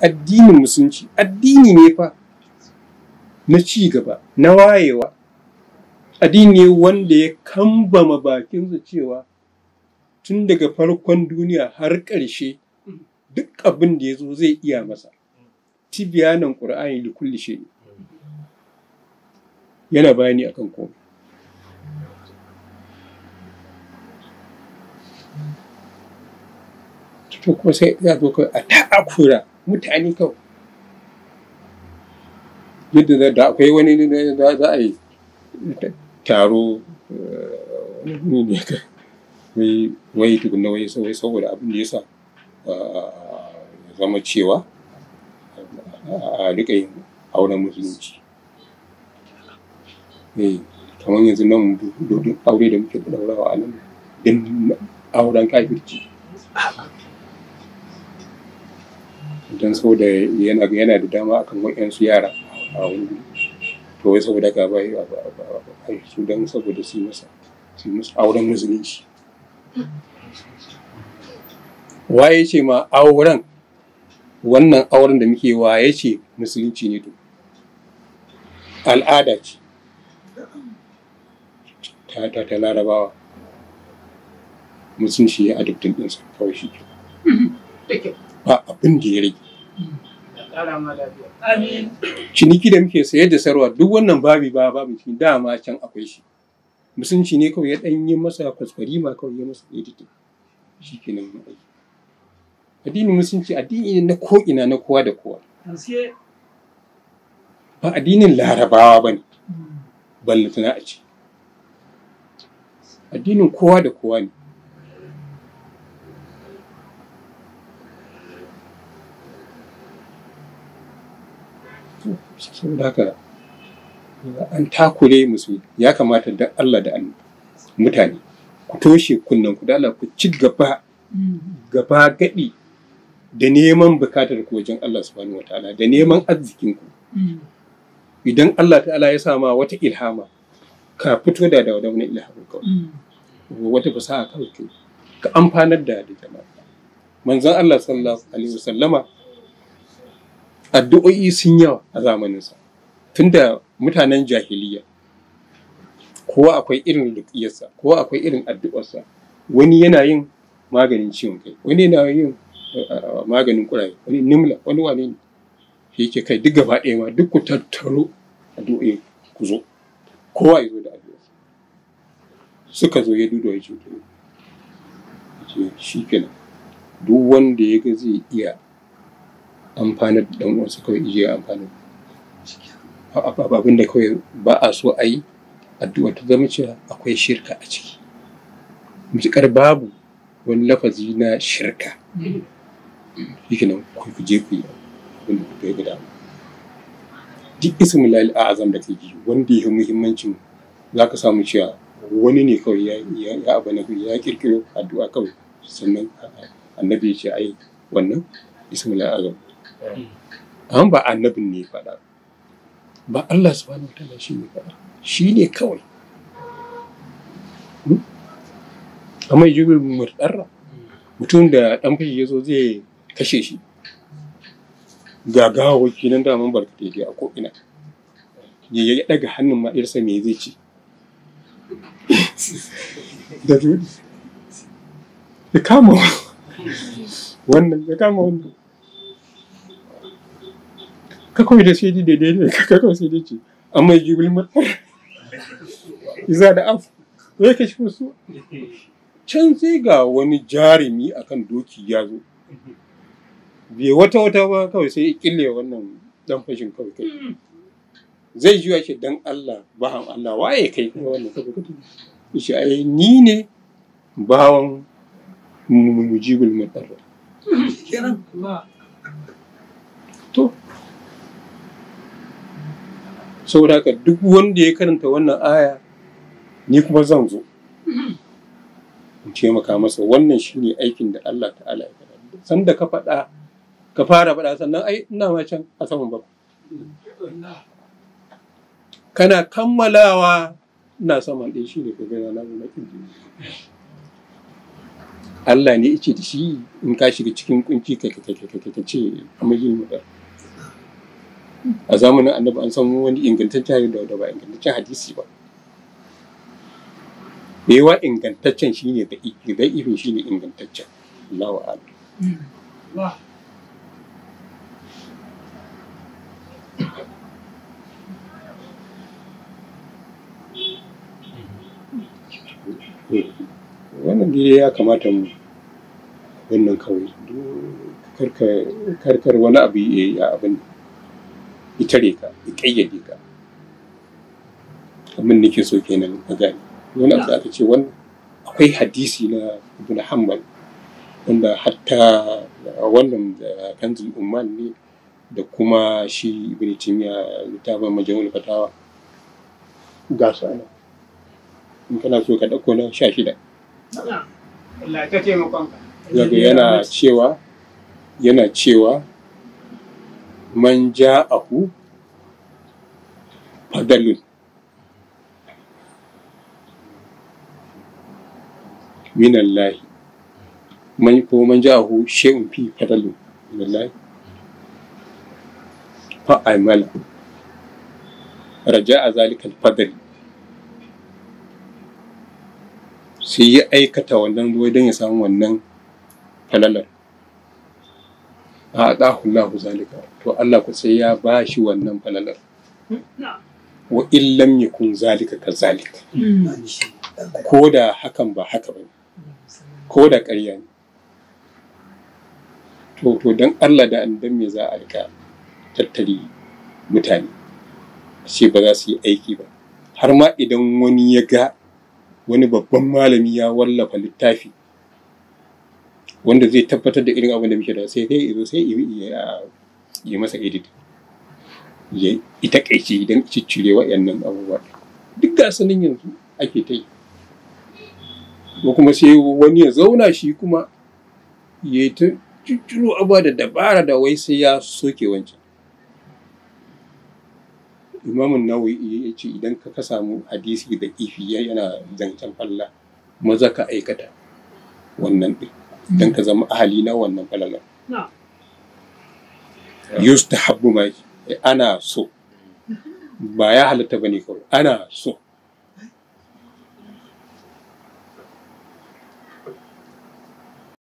addinin musulunci addini ne fa na ci gaba na wayewa addini ne wanda ya kambama bakinsa cewa tun daga farkon duniya har ƙarshe duk abin da ya zo zai iya masa tibiyanan ƙur'ani da kulle shi yana bayani akan komai to kuma sai za zo kawai a ta'akura mutane kawai yadda da akwai wani da za a yi taro eh, wani ne ka wai wai tukuna wai wai saboda abin da yasa eh, zama cewa a rika yin auren musulunci eh, kamar yanzu nan dodon aure da muke daurawa a nan din auren kafirci don saboda yana yana da dama akan su yara a wani to wai saboda ka ba su don saboda su masa su masa auren musulunci waye ce ma auren wannan auren da muke waye ce musulunci ne to al'ada ce ta ta ta larabawa musulunci ya adabtin ɗinsa kawai shi ke ba abin da ya rage ciniki da muke sayar da sarwa duk wannan babi ba babu shi dama can akwai shi musulunci ne kawai ya ɗan yi masa kwaskwari ma kawai ya masa editing shi ke nan aiki addini musulunci addini ne na ko'ina na kowa da kowa ba addinin larabawa ba ne ballatana a ce addinin kowa da kowa ne saboda haka an takure musu ya kamata da Allah da mutane ku toshe kunnen ku da Allah ku ci gaba gaba gadi da neman bukatar ku wajen Allah subhanahu wataala da neman arzikin ku idan Allah ta'ala ya sama wata ilhama ka fito da da wani ilhama kawai wata fasaha kawai ka amfanar da da jama'a manzon Allah sallallahu alaihi wasallama addu'o'i sun yawa a zamaninsa tunda mutanen jahiliya kowa akwai irin rukiyarsa kowa akwai irin addu'arsa wani yana yin maganin ciwon kai wani yana yin ah, maganin kurai wani nimla wani wane ne shi ke kai duk gaba ɗaya ma duk ku tattaro addu'o'i ku zo kowa ya zo da addu'arsa suka zo ya duba ya ce shi kenan duk wanda ya ga zai iya amfani da uwansa kawai ije ya abin da kawai ba a so a yi addu'a ta zama cewa akwai shirka a ciki mutukar babu wani lafazi na shirka shi nan ku je ku yi abin da ku ga dama duk ismin a azam da kake wanda ya muhimmancin za ka samu cewa wani ne kawai ya ya ku ya kirkiro addu'a kawai sannan annabi ya ce ai wannan ismin a azam Eh. an ba annabin ne faɗa ba Allah subhanahu wa ta'ala shi ne faɗa shi ne kawai hmm? amma yi jirgin murɗarra mutum da ɗan fashi ya zo zai kashe shi ga gawa nan daman barkatai dai a ko'ina ya ya ɗaga hannun ma'irsa me zai ci da kama wannan ya kama wannan kakwai da shaidi daidai ne ka kawai sai A amma yi gulma iza da af ya ka shi su can sai ga wani jarumi akan doki ya zo bai wata wata ba kawai sai ya kille wannan dan fashin kawai kai zai juya shi dan Allah bawan Allah waye kai kuma wannan saboda shi ai ni ne bawan mujibul mudarra saboda haka duk wanda ya karanta wannan aya ni kuma zan zo in taimaka masa wannan shine aikin da Allah ta'ala ya faɗa san ka faɗa ka fara faɗa sannan ai ina ma can a saman ba kana kammalawa Ina saman ɗin shi ne ka gana na na Allah ne ice da shi in ka shiga cikin kunci ka ka ka ka ka ce mutar a zamanin annabi an samu wani ingantaccen hadisi da ba ingantaccen hadisi ba da yawa ingantaccen shi ne da ifi ifin shi ne ingantaccen Allahu a'lam wannan dai ya kamata mu wannan kawai karkar wani abu ya yi a abin Ita ka ikayyade ka abin nake so kenan ka gani wani abu aka ce wani akwai hadisi na ibn hanbal wanda hatta wannan da kanzul umman ne da kuma shi ibn timiya littafin majamul fatawa ga su ana in kana so ka dauko na sha shida Allah ta yana cewa yana cewa man ja'ahu fadalun minallahi man ko man ja'ahu shay'un fi fadalun minallahi fa amala raja'a zalika al sai ya aikata wannan ruwa don ya samu wannan falalar a ɗahullahu zalika to Allah ku sai ya ba shi wannan falalar wa illam kun zalika ka zalika ko da hakan ba haka ba ko da ƙarya ne to to don Allah da andan me za a rika tattari mutane ce ba za su yi aiki ba har ma idan wani ya ga wani babban malami ya wallafa littafi wanda zai tabbatar da irin abin da muke da sai dai izo sai yi masa edit ya ita kaici idan ciccire waɗannan abubuwa duk ga sanin yanzu ake ta yi ko kuma sai wani ya zauna shi kuma ya yi ta cicciro abuwa da dabara da wai sai ya soke wancan imamun nawawi ya ce idan ka samu hadisi da ifi yana zancen falla maza ka aikata wannan ɗin don ka zama ahali na wannan falalar yustahabbu mai? ana so ba ya halatta bane kawai ana so